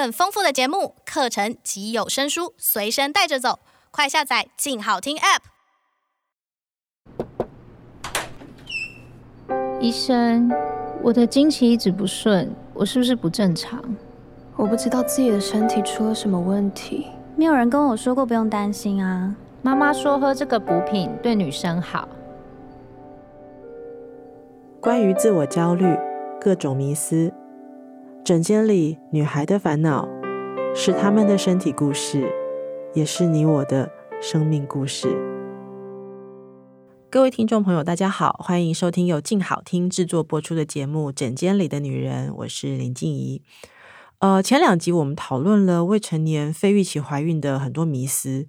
很豐富的節目、課程及有聲書隨身帶着走，快下載“靜好聽 ”App。醫生，我的經期一直不順，我是不是不正常？我不知道自己的身體出了什麼問題。沒有人跟我說過，不用擔心啊。媽媽說喝這個補品對女生好。關於自我焦慮，各種迷思。診間裡女孩的煩惱，是他們的身體故事，也是你我的生命故事。各位聽眾朋友，大家好，歡迎收聽由靜好聽制作播出的節目《診間裡的女人》，我是林靜儀。呃，前兩集我們討論了未成年非預期懷孕的很多迷思，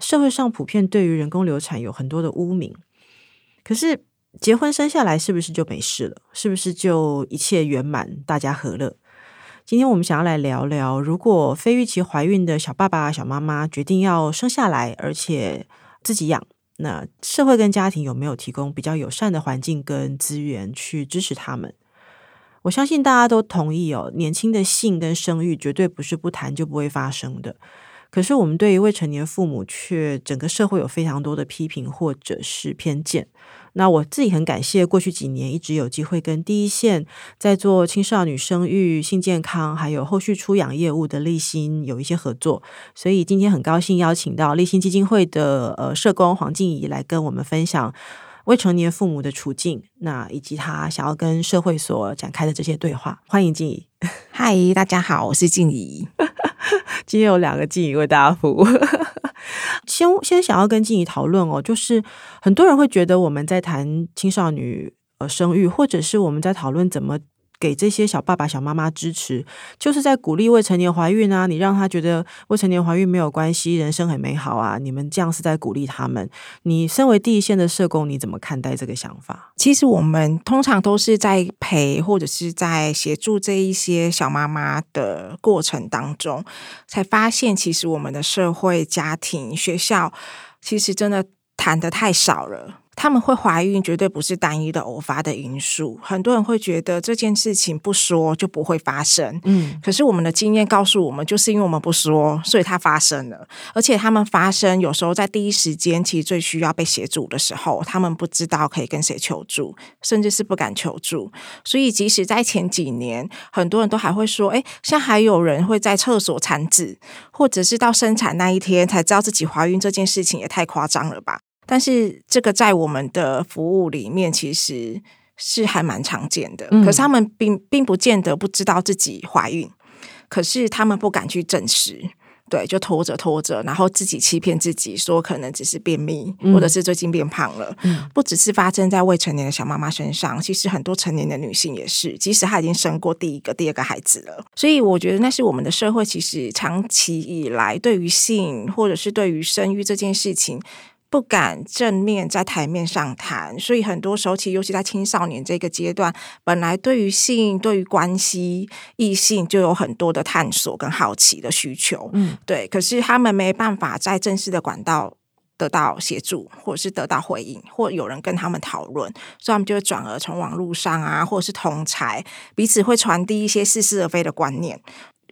社會上普遍對於人工流產有很多的污名。可是結婚生下來是不是就沒事了？是不是就一切圓滿，大家和樂？今天我們想要來聊聊，如果非預期懷孕的小爸爸、小媽媽決定要生下來，而且自己養，那社會跟家庭有沒有提供比較友善的環境跟資源去支持他們？我相信大家都同意哦，年輕的性跟生育絕對不是不談就不會發生的。可是我們對於未成年父母，卻整個社會有非常多的批評或者是偏見。那我自己很感謝過去幾年一直有機會跟第一線在做青少女生育、性健康，還有後續出養業務的勵馨有一些合作，所以今天很高興邀請到勵馨基金會的呃社工黃靜怡來跟我們分享未成年父母的處境，那以及他想要跟社會所展開的這些對話。歡迎靜怡。嗨，大家好，我是靜怡。 今天有兩個靜怡為大家服務。先先想要跟靜怡討論哦，就是很多人會覺得我們在談青少女呃生育，或者是我們在討論怎麼給這些小爸爸、小媽媽支持，就是在鼓勵未成年懷孕啊！你讓他覺得未成年懷孕沒有關係，人生很美好啊！你們這樣是在鼓勵他們。你身為第一線的社工，你怎麼看待這個想法？其實我們通常都是在陪或者是在協助這一些小媽媽的過程當中，才發現其實我們的社會、家庭、學校，其實真的談得太少了。他們會懷孕，絕對不是單一的偶發的因素。很多人會覺得這件事情不說就不會發生，嗯。可是我們的經驗告訴我們，就是因為我們不說，所以它發生了。而且他們發生有時候在第一時間，其實最需要被協助的時候，他們不知道可以跟誰求助，甚至是不敢求助。所以即使在前幾年，很多人都還會說：“哎，像還有人會在廁所產子，或者是到生產那一天才知道自己懷孕這件事情，也太誇張了吧。”但是這個在我們的服務裡面其實是還蠻常見的，嗯、可是他們並並不見得不知道自己懷孕，可是他們不敢去證實，對，就拖着拖着，然後自己欺騙自己說可能只是便秘，或者是最近變胖了，嗯。不只是發生在未成年的小媽媽身上，其實很多成年的女性也是，即使她已經生過第一個、第二個孩子了。所以我覺得那是我們的社會其實長期以來對於性或者是對於生育這件事情，不敢正面在檯面上談，所以很多時候，其實尤其在青少年這個階段，本來對於性、對於關係、異性就有很多的探索跟好奇的需求，嗯，對。可是他們沒辦法在正式的管道得到協助，或者是得到回應，或者有人跟他們討論，所以他們就會轉而從網絡上啊，或者是同儕彼此會傳遞一些似是而非的觀念。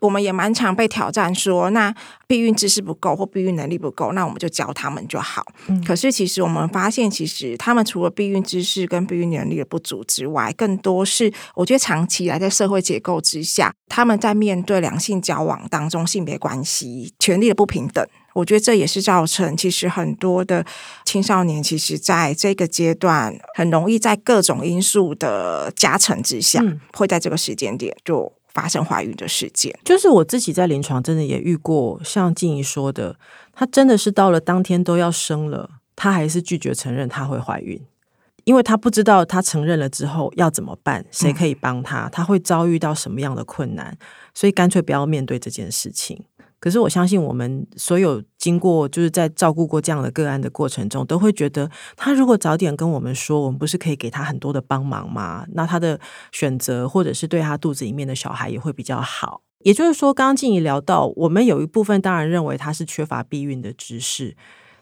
我們也蠻常被挑戰說，那避孕知識不夠或避孕能力不夠，那我們就教他們就好。嗯、可是其實我們發現，其實他們除了避孕知識跟避孕能力的不足之外，更多是我覺得長期來在社會結構之下，他們在面對兩性交往當中性別關係權力的不平等，我覺得這也是造成其實很多的青少年其實在這個階段很容易在各種因素的加成之下，嗯，會在這個時間點就。發生懷孕的事件，就是我自己在臨床真的也遇過，像靜怡說的，她真的是到了當天都要生了，她還是拒絕承認她會懷孕，因為她不知道她承認了之後要怎麼辦，誰可以幫她，她、嗯、會遭遇到什麼樣的困難，所以乾脆不要面對這件事情。可是我相信，我們所有經過，就是在照顧過這樣的個案的過程中，都會覺得，他如果早點跟我們說，我們不是可以給他很多的幫忙嗎？那他的選擇，或者是對他肚子裡面的小孩也會比較好。也就是說，剛剛靜怡聊到，我們有一部分當然認為他是缺乏避孕的知識，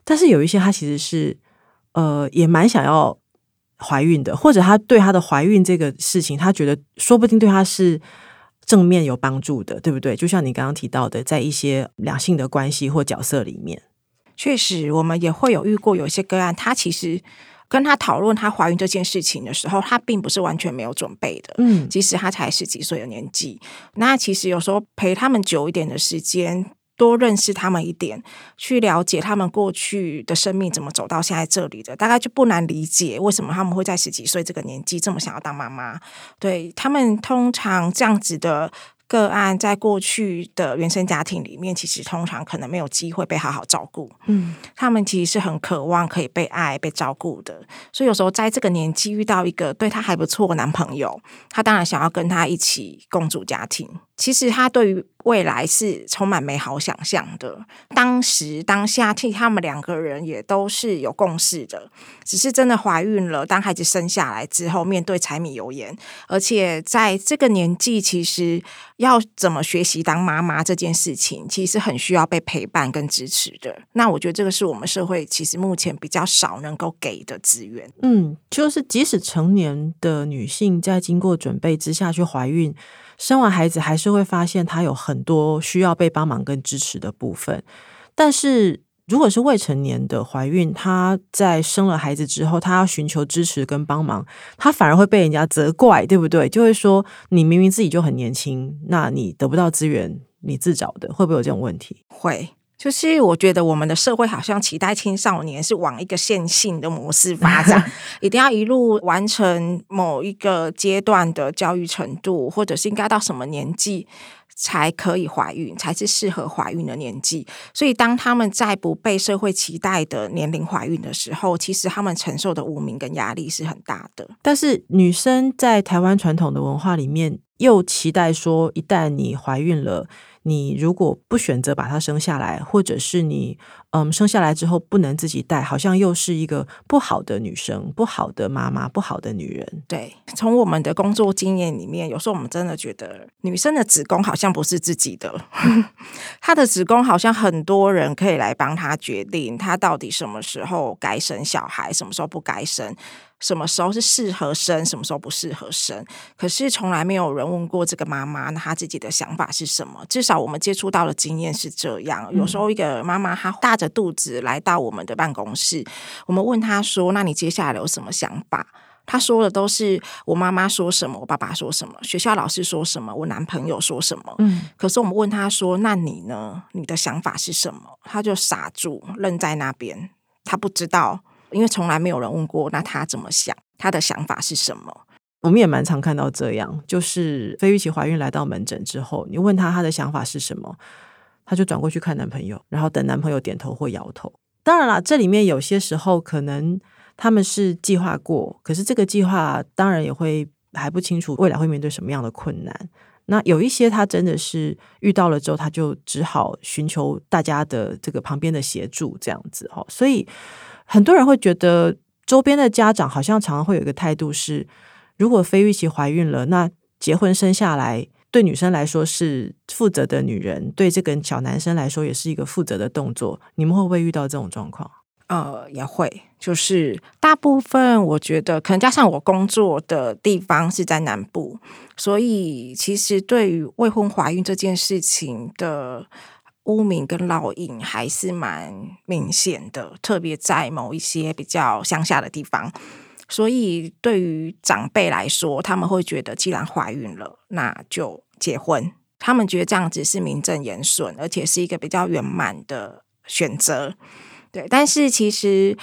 但是有一些他其實是，呃，也蠻想要懷孕的，或者他對他的懷孕這個事情，他覺得說不定對他是。正面有幫助的，對不對？就像你剛剛提到的，在一些兩性的關係或角色裡面，確實我們也會有遇過有些個案，他其實跟他討論他懷孕這件事情的時候，他並不是完全沒有準備的。嗯，即使他才十幾歲的年紀，那其實有時候陪他們久一點的時間，多認識他們一點，去了解他們過去的生命怎麼走到現在這裡的，大概就不難理解為什麼他們會在十幾歲這個年紀這麼想要當媽媽。對，他們通常這樣子的個案，在過去的原生家庭裡面，其實通常可能沒有機會被好好照顧。嗯，他們其實是很渴望可以被愛、被照顧的，所以有時候在這個年紀遇到一個對他還不錯的男朋友，他當然想要跟他一起共組家庭。其實他對於未來是充滿美好想象的。當時當下，其實他們兩個人也都是有共識的。只是真的懷孕了，當孩子生下來之後，面對柴米油鹽，而且在這個年紀，其實要怎麼學習當媽媽這件事情，其實很需要被陪伴跟支持的。那我覺得這個是我們社會其實目前比較少能夠給的資源。嗯，就是即使成年的女性在經過準備之下去懷孕。生完孩子還是會發現她有很多需要被幫忙跟支持的部分，但是如果是未成年的懷孕，她在生了孩子之後，她要尋求支持跟幫忙，她反而會被人家責怪，對不對？就會說你明明自己就很年輕，那你得不到資源，你自找的，會不會有這種問題？會。就是我覺得我們的社會好像期待青少年是往一個線性的模式發展， 一定要一路完成某一個階段的教育程度，或者是應該到什麼年紀才可以懷孕，才是適合懷孕的年紀。所以當他們在不被社會期待的年齡懷孕的時候，其實他們承受的汙名跟壓力是很大的。但是女生在台灣傳統的文化裡面。又期待說，一旦你懷孕了，你如果不選擇把他生下來，或者是你。們、嗯、生下來之後不能自己帶，好像又是一個不好的女生，不好的媽媽，不好的女人。對，從我們的工作經驗裡面，有時候我們真的覺得女生的子宮好像不是自己的， 她的子宮好像很多人可以來幫她決定，她到底什麼時候該生小孩，什麼時候不該生，什麼時候是適合生，什麼時候不適合生。可是從來沒有人問過這個媽媽，那她自己的想法是什麼。至少我們接觸到的經驗是這樣。有時候一個媽媽她大着。肚子來到我們的辦公室，我們問他說：“那你接下來有什麼想法？”他說的都是我媽媽說什麼，我爸爸說什麼，學校老師說什麼，我男朋友說什麼。嗯。可是我們問他說：“那你呢？你的想法是什麼？”他就傻住，愣在那邊。他不知道，因為從來沒有人問過。那他怎麼想？他的想法是什麼？我們也蠻常看到這樣，就是非預期懷孕來到門診之後，你問他他的想法是什麼？她就轉過去看男朋友，然後等男朋友點頭或搖頭。當然了，這裡面有些時候可能他們是計劃過，可是這個計劃當然也會還不清楚未來會面對什麼樣的困難。那有一些她真的是遇到了之後，她就只好尋求大家的這個旁邊的協助這樣子哈。所以很多人會覺得，周邊的家長好像常常會有一個態度是，如果非預期懷孕了，那結婚生下來。對女生來說是負責的女人，對這個小男生來說也是一個負責的動作。你們會不會遇到這種狀況？呃，也會，就是大部分我覺得可能加上我工作的地方是在南部，所以其實對於未婚懷孕這件事情的污名跟烙印還是蠻明顯的，特別在某一些比較鄉下的地方。所以，對於長輩來說，他們會覺得，既然懷孕了，那就結婚。他們覺得這樣子是名正言順，而且是一個比較圓滿的選擇。對，但是其實，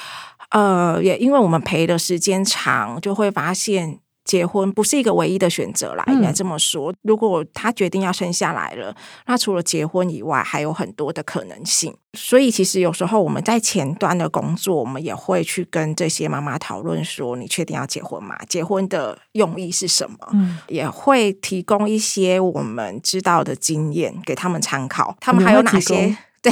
呃，也因為我們陪的時間長，就會發現。結婚不是一個唯一的選擇啦，應該這麼說。如果她決定要生下來了，那除了結婚以外，還有很多的可能性。所以，其實有時候我們在前端的工作，我們也會去跟這些媽媽討論說：“你確定要結婚嗎？結婚的用意是什麼？”嗯，也會提供一些我們知道的經驗給他們參考。他們還有哪些？對，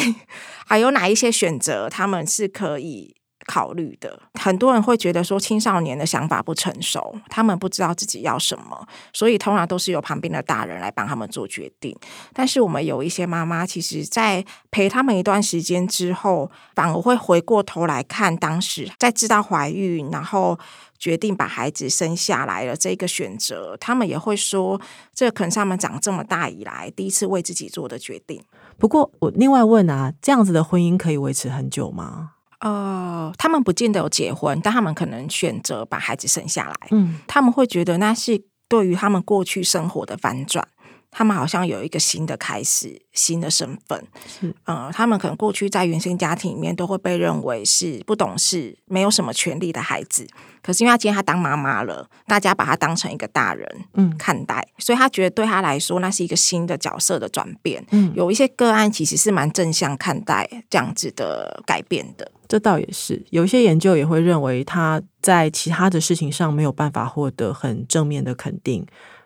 還有哪一些選擇？他們是可以考慮的。很多人會覺得說，青少年的想法不成熟，他們不知道自己要什麼，所以通常都是由旁邊的大人來幫他們做決定。但是我們有一些媽媽，其實在陪他們一段時間之後，反而會回過頭來看當時在知道懷孕，然後決定把孩子生下來了這個選擇，他們也會說，這可能是他們長這麼大以來第一次為自己做的決定。不過我另外問啊，這樣子的婚姻可以維持很久嗎？呃，他們不見得有結婚，但他們可能選擇把孩子生下來。嗯，他們會覺得那是對於他們過去生活的反轉，他們好像有一個新的開始，新的身份。嗯、呃，他們可能過去在原生家庭裡面都會被認為是不懂事、嗯、沒有什麼權利的孩子，可是因為他今天他當媽媽了，大家把他當成一個大人嗯看待，所以他覺得對他來說那是一個新的角色的轉變。嗯，有一些個案其實是蠻正向看待這樣子的改變的。這倒也是，有一些研究也會認為他在其他的事情上沒有辦法獲得很正面的肯定。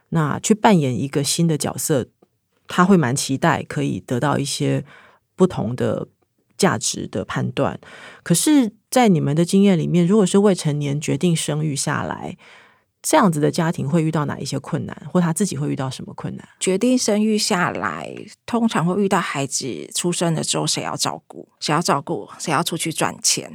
那去扮演一個新的角色，他會蠻期待可以得到一些不同的價值的判斷。可是在你們的經驗裡面，如果是未成年決定生育下來，這樣子的家庭會遇到哪一些困難，或他自己會遇到什麼困難？決定生育下來，通常會遇到孩子出生了之後誰要照顧，誰要照顧，誰要出去賺錢。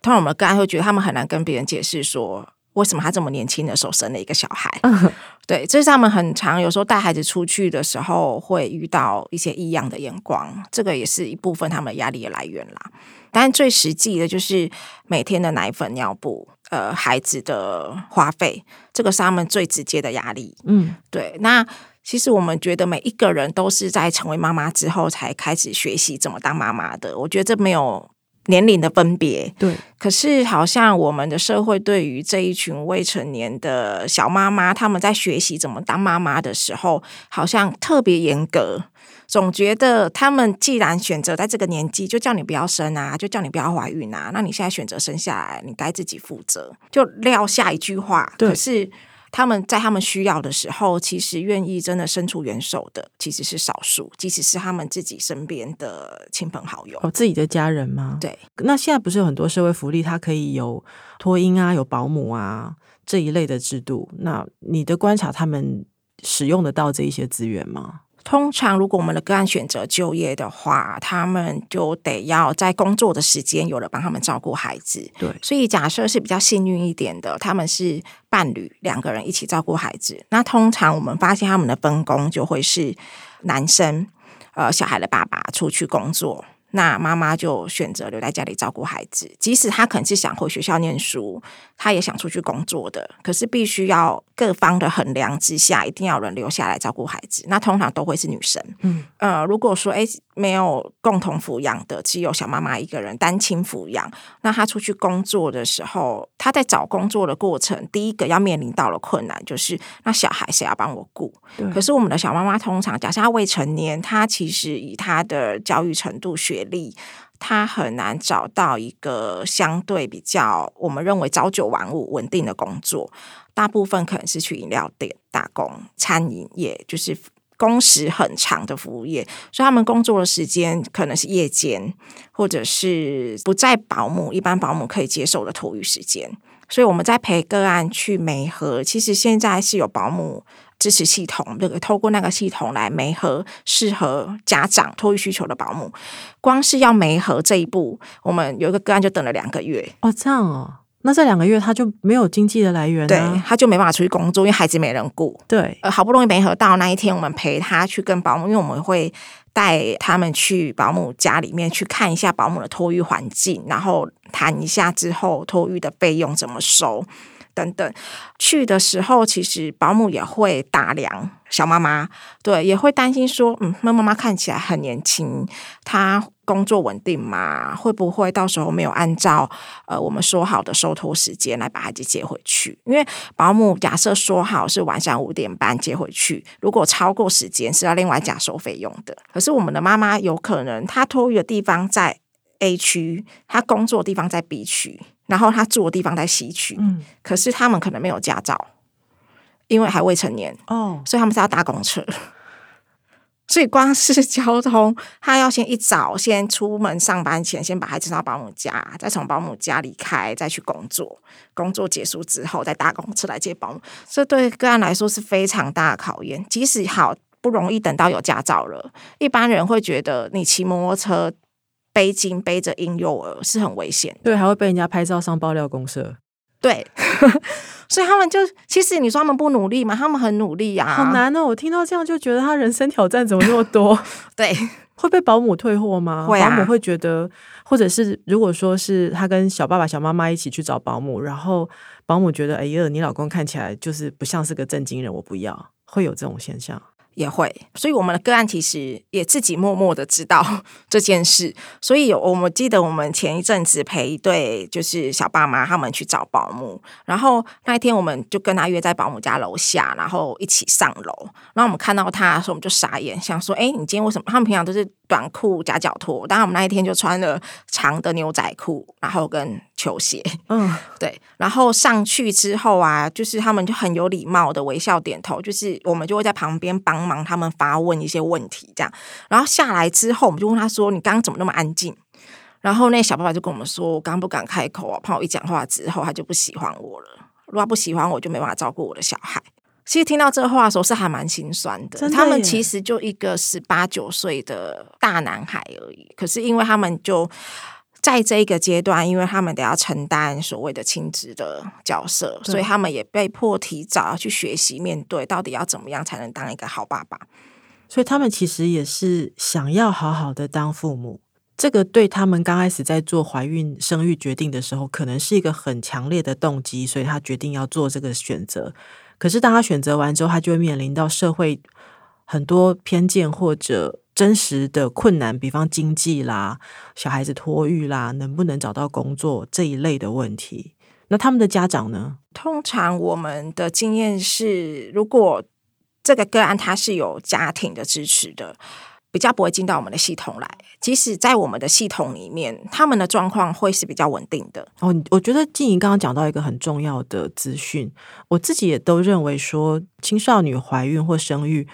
通常我們剛才會覺得他們很難跟別人解釋說，為什麼他這麼年輕的時候生了一個小孩。嗯、對，這、就是他們很常有時候帶孩子出去的時候會遇到一些異樣的眼光，這個也是一部分他們的壓力的來源啦。但最實際的就是每天的奶粉、尿布，呃，孩子的花費，這個是他們最直接的壓力。嗯，對。那其實我們覺得每一個人都是在成為媽媽之後才開始學習怎麼當媽媽的。我覺得這沒有年齡的分別。對。可是好像我們的社會對於這一群未成年的小媽媽，他們在學習怎麼當媽媽的時候，好像特別嚴格。總覺得他們既然選擇在這個年紀，就叫你不要生啊，就叫你不要懷孕啊。那你現在選擇生下來，你該自己負責。就撂下一句話，對。可是他們在他們需要的時候，其實願意真的伸出援手的，其實是少數。即使是他們自己身邊的親朋好友，哦，自己的家人嗎？對。那現在不是有很多社會福利，它可以有托嬰啊，有保姆啊這一類的制度？那你的觀察，他們使用得到這一些資源嗎？通常，如果我們的個案選擇就業的話，他們就得要在工作的時間有了幫他們照顧孩子。對，所以假設是比較幸運一點的，他們是伴侶，兩個人一起照顧孩子。那通常我們發現他們的分工就會是男生，呃，小孩的爸爸出去工作，那媽媽就選擇留在家裡照顧孩子。即使他可能是想回學校念書。他也想出去工作的，可是必須要各方的衡量之下，一定要人留下來照顧孩子。那通常都會是女生。嗯，呃，如果說，誒，沒有共同撫養的，只有小媽媽一個人單親撫養，那她出去工作的時候，她在找工作的過程，第一個要面臨到的困難就是那小孩誰要幫我顧？可是我們的小媽媽通常假設她未成年，她其實以她的教育程度、學歷。他很難找到一個相對比較我們認為朝九晚五穩定的工作，大部分可能是去飲料店打工、餐飲業，就是工時很長的服務業，所以他們工作的時間可能是夜間，或者是不在保姆，一般保姆可以接受的托育時間。所以我們在陪個案去媒合，其實現在是有保姆支持系統，就、這個、透過那個系統來媒合適合家長托育需求的保姆。光是要媒合這一步，我們有一個個案就等了兩個月哦，這樣哦，那這兩個月他就沒有經濟的來源。啊，對，他就沒辦法出去工作，因為孩子沒人顧。對，呃，好不容易媒合到那一天，我們陪他去跟保姆，因為我們會帶他們去保姆家裡面去看一下保姆的托育環境，然後談一下之後托育的費用怎麼收。等等，去的時候其實保姆也會打量小媽媽，對，也會擔心說，嗯，那媽媽看起來很年輕，她工作穩定嗎？會不會到時候沒有按照呃我們說好的收托時間來把孩子接回去？因為保姆假設說好是晚上五點半接回去，如果超過時間是要另外加收費用的。可是我們的媽媽有可能她托育的地方在 A 區，她工作的地方在 B 區。然後他住的地方在西區，嗯，可是他們可能沒有駕照，因為還未成年哦，Oh. 所以他們是要搭公車。所以光是交通，他要先一早先出門上班前，先把孩子送到保姆家，再從保姆家離開，再去工作。工作結束之後，再搭公車來接保姆。這對個案來說是非常大的考驗。即使好不容易等到有駕照了，一般人會覺得你騎摩托車。背巾背着嬰幼兒是很危險，對，還會被人家拍照上爆料公社。對， 所以他們就其實你說他們不努力嘛，他們很努力呀，啊，好難哦！我聽到這樣就覺得他人生挑戰怎麼那麼多？ 對，會被保姆退貨嗎？ 保姆會覺得，啊，或者是如果說是他跟小爸爸、小媽媽一起去找保姆，然後保姆覺得，哎、欸、呀、呃，你老公看起來就是不像是個正經人，我不要，會有這種現象。也會，所以我們的個案其實也自己默默的知道這件事。所以，我們記得我們前一陣子陪一對就是小爸媽他們去找保姆，然後那一天我們就跟他約在保姆家樓下，然後一起上樓。然後我們看到他的時候，我們就傻眼，想說：“哎，你今天為什麼？他們平常都是短褲夾腳拖。”當然我們那一天就穿了長的牛仔褲，然後跟。球鞋，嗯，對，然後上去之後啊，就是他們就很有禮貌的微笑點頭，就是我們就會在旁邊幫忙，他們發問一些問題這樣。然後下來之後，我們就問他說：“你剛剛怎麼那麼安靜？”然後那小爸爸就跟我們說：“我剛不敢開口啊，怕我一講話之後，他就不喜歡我了。如果他不喜歡我，就沒辦法照顧我的小孩。”其實聽到這話的時候，是還蠻心酸的。真的耶，他們其實就一個十八九歲的大男孩而已，可是因為他們就，在這一個階段，因為他們得要承擔所謂的親職的角色，所以他們也被迫提早去學習面對，到底要怎麼樣才能當一個好爸爸。所以他們其實也是想要好好的當父母，這個對他們剛開始在做懷孕生育決定的時候，可能是一個很強烈的動機，所以他決定要做這個選擇。可是當他選擇完之後，他就會面臨到社會很多偏見或者。真實的困難，比方經濟啦、小孩子托育啦，能不能找到工作這一類的問題，那他們的家長呢？通常我們的經驗是，如果這個個案它是有家庭的支持的，比較不會進到我們的系統來。即使在我們的系統裡面，他們的狀況會是比較穩定的。哦，我覺得靜怡剛剛講到一個很重要的資訊，我自己也都認為說，青少女懷孕或生育。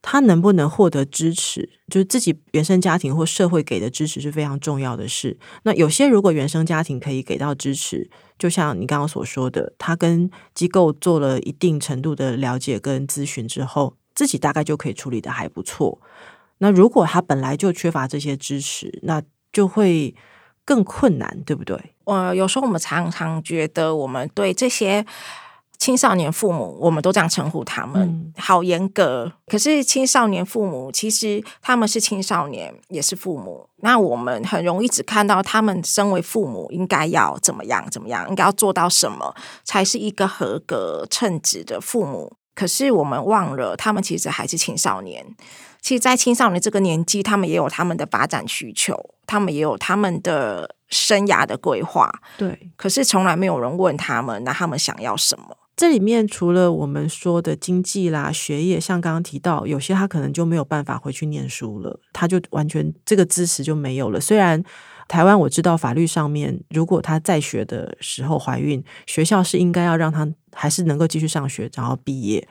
他能不能獲得支持，就是自己原生家庭或社會給的支持是非常重要的事。那有些如果原生家庭可以給到支持，就像你剛剛所說的，他跟機構做了一定程度的了解跟諮詢之後，自己大概就可以處理得還不錯。那如果他本來就缺乏這些支持，那就會更困難，對不對？呃，有時候我們常常覺得我們對這些。青少年父母，我們都這樣稱呼他們，嗯、好嚴格。可是青少年父母其實他們是青少年，也是父母。那我們很容易只看到他們身為父母應該要怎麼樣怎麼樣，應該要做到什麼才是一個合格稱職的父母。可是我們忘了，他們其實還是青少年。其實，在青少年這個年紀，他們也有他們的發展需求，他們也有他們的生涯的規劃。對。可是從來沒有人問他們，那他們想要什麼？這裡面除了我們說的經濟啦、學業，像剛剛提到，有些他可能就沒有辦法回去念書了，他就完全這個知識就沒有了。雖然台灣我知道法律上面，如果他在學的時候懷孕，學校是應該要讓他還是能夠繼續上學，然後畢業。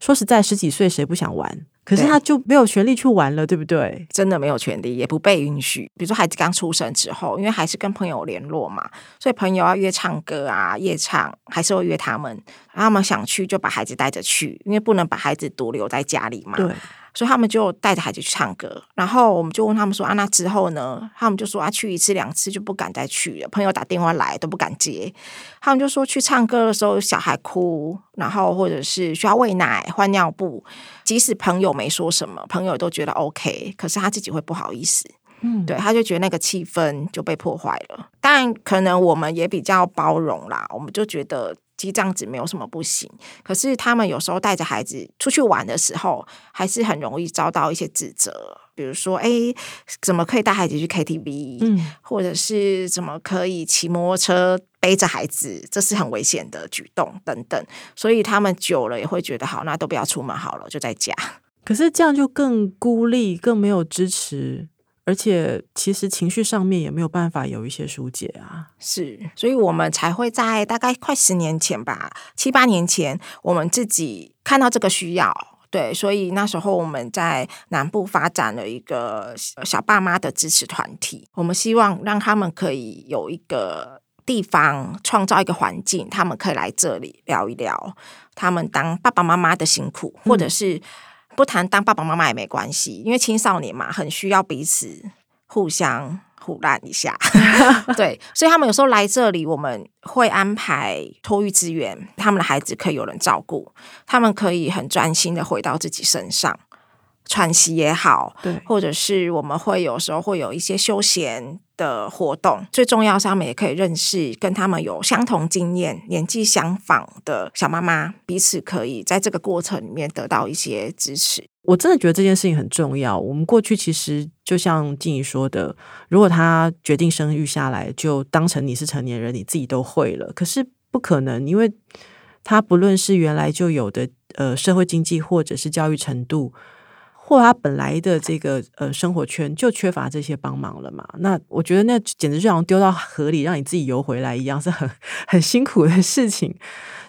說實在，十幾歲誰不想玩？可是他就沒有權利去玩了，對，對不對？真的沒有權利，也不被允許。比如說孩子剛出生之後，因為還是跟朋友聯絡嘛，所以朋友要約唱歌啊，夜唱，還是會約他們。他們想去就把孩子帶着去，因為不能把孩子獨留在家裡嘛。對。所以他們就帶着孩子去唱歌，然後我們就問他們說：“啊，那之後呢？”他們就說：“啊，去一次兩次就不敢再去了。朋友打電話來都不敢接。他們就說去唱歌的時候，小孩哭，然後或者是需要餵奶、換尿布，即使朋友沒說什麼，朋友都覺得 OK，可是他自己會不好意思。”嗯，對，他就覺得那個氣氛就被破壞了。但可能我們也比較包容啦，我們就覺得這樣子沒有什麼不行。可是他們有時候帶着孩子出去玩的時候，還是很容易遭到一些指責，責，比如說，哎，怎麼可以帶孩子去 KTV？嗯，或者是怎麼可以騎摩托車背着孩子，這是很危險的舉動等等。所以他們久了也會覺得，好，那都不要出門好了，就在家。可是這樣就更孤立，更沒有支持。而且其實情緒上面也沒有辦法有一些疏解啊，是，所以我們才會在大概快十年前吧，七八年前，我們自己看到這個需要，對，所以那時候我們在南部發展了一個小爸媽的支持團體，我們希望讓他們可以有一個地方，創造一個環境，他們可以來這裡聊一聊他們當爸爸媽媽的辛苦，嗯、或者是。不談當爸爸媽媽也沒關係，因為青少年嘛，很需要彼此互相互亂一下。 對，所以他們有時候來這裡，我們會安排托育資源，他們的孩子可以有人照顧，他們可以很專心的回到自己身上喘息也好，對，或者是我們會有時候會有一些休閒。的活動最重要是，他們也可以認識跟他們有相同經驗、年紀相仿的小媽媽，彼此可以在這個過程裡面得到一些支持。我真的覺得這件事情很重要。我們過去其實就像靜怡說的，如果她決定生育下來，就當成你是成年人，你自己都會了。可是不可能，因為她不論是原來就有的呃社會經濟或者是教育程度。或他本來的這個呃生活圈就缺乏這些幫忙了嘛。那我覺得那簡直就好像丟到河裡讓你自己游回來一樣，是很很辛苦的事情。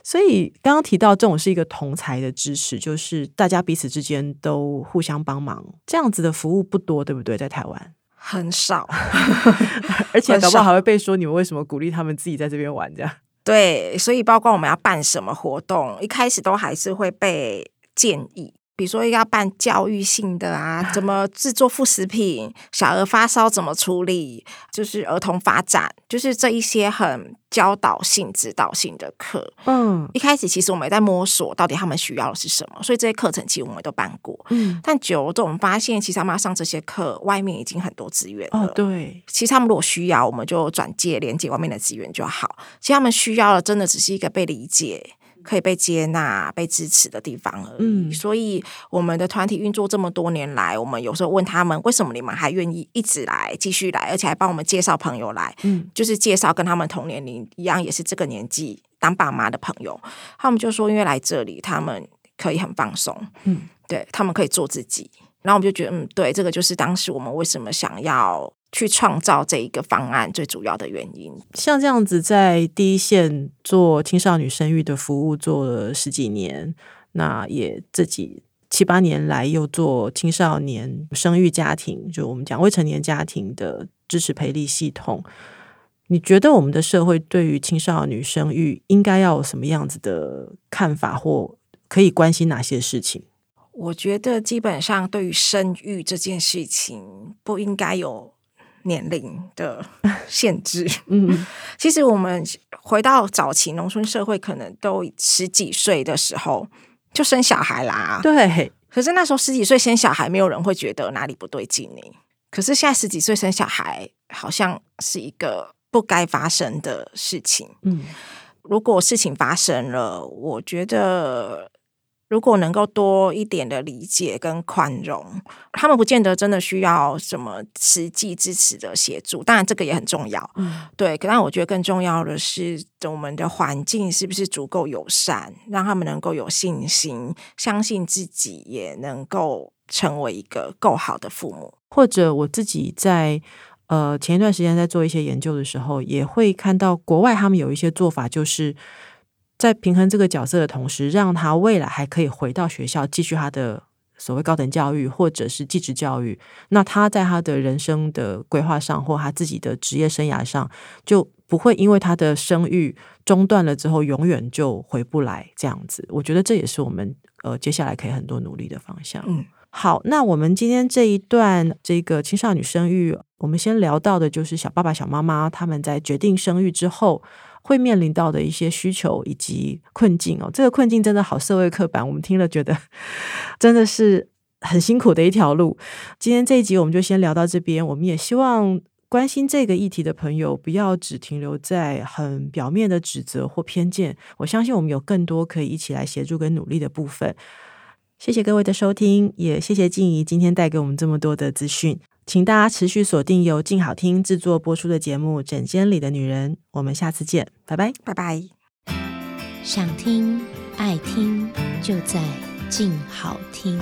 所以剛剛提到這種是一個同儕的支持，就是大家彼此之間都互相幫忙，這樣子的服務不多，對不對？在台灣很少， 而且搞不好還會被說你們為什麼鼓勵他們自己在這邊玩。這樣。對，所以包括我們要辦什麼活動，一開始都還是會被建議。比如說要辦教育性的啊，怎麼制作副食品，小兒發燒怎麼處理，就是兒童發展，就是這一些很教導性、指導性的課。嗯，一開始其實我們也在摸索到底他們需要的是什麼，所以這些課程其實我們都辦過。嗯，但久後我們發現，其實他們要上這些課，外面已經很多資源了。哦，對，其實他們如果需要，我們就轉介連接外面的資源就好。其實他們需要的，真的只是一個被理解，可以被接納、被支持的地方。嗯，所以我們的團體運作這麼多年來，我們有時候問他們，為什麼你們還願意一直來、繼續來，而且還幫我們介紹朋友來？嗯，就是介紹跟他們同年齡一樣，也是這個年紀當爸媽的朋友。他們就說，因為來這裡，他們可以很放鬆。嗯，對，他們可以做自己。然後我們就覺得，嗯，對，這個就是當時我們為什麼想要。去創造這一個方案最主要的原因。像這樣子，在第一線做青少女生育的服務做了十幾年，那也自己七八年來又做青少年生育家庭，就我們講未成年家庭的支持培力系統。你覺得我們的社會對於青少女生育應該要有什麼樣子的看法，或可以關心哪些事情？我覺得基本上對於生育這件事情，不應該有。年齡的限制， 其實我們回到早期農村社會，可能都十幾歲的時候就生小孩啦。對，可是那時候十幾歲生小孩，沒有人會覺得哪裡不對勁呢。可是現在十幾歲生小孩，好像是一個不該發生的事情。如果事情發生了，我覺得。如果能夠多一點的理解跟寬容，他們不見得真的需要什麼實際支持的協助，當然這個也很重要，嗯，對。可但我覺得更重要的是，我們的環境是不是足夠友善，讓他們能夠有信心，相信自己也能夠成為一個夠好的父母。或者我自己在呃前一段時間在做一些研究的時候，也會看到國外他們有一些做法，就是。在平衡這個角色的同時，讓他未來還可以回到學校繼續他的所謂高等教育，或者是技職教育。那他在他的人生的規劃上，或他自己的職業生涯上，就不會因為他的生育中斷了之後，永遠就回不來這樣子。我覺得這也是我們呃接下來可以很多努力的方向。嗯，好，那我們今天這一段這個青少女生育，我們先聊到的就是小爸爸、小媽媽他們在決定生育之後，會面臨到的一些需求以及困境哦，這個困境真的好社會刻板，我們聽了覺得真的是很辛苦的一條路。今天這一集我們就先聊到這邊，我們也希望關心這個議題的朋友不要只停留在很表面的指責或偏見。我相信我們有更多可以一起來協助跟努力的部分。謝謝各位的收聽，也謝謝靜怡今天帶給我們這麼多的資訊。請大家持續鎖定由靜好聽制作播出的節目《診間裡的女人》，我們下次見，拜拜，拜拜。想聽愛聽，就在靜好聽。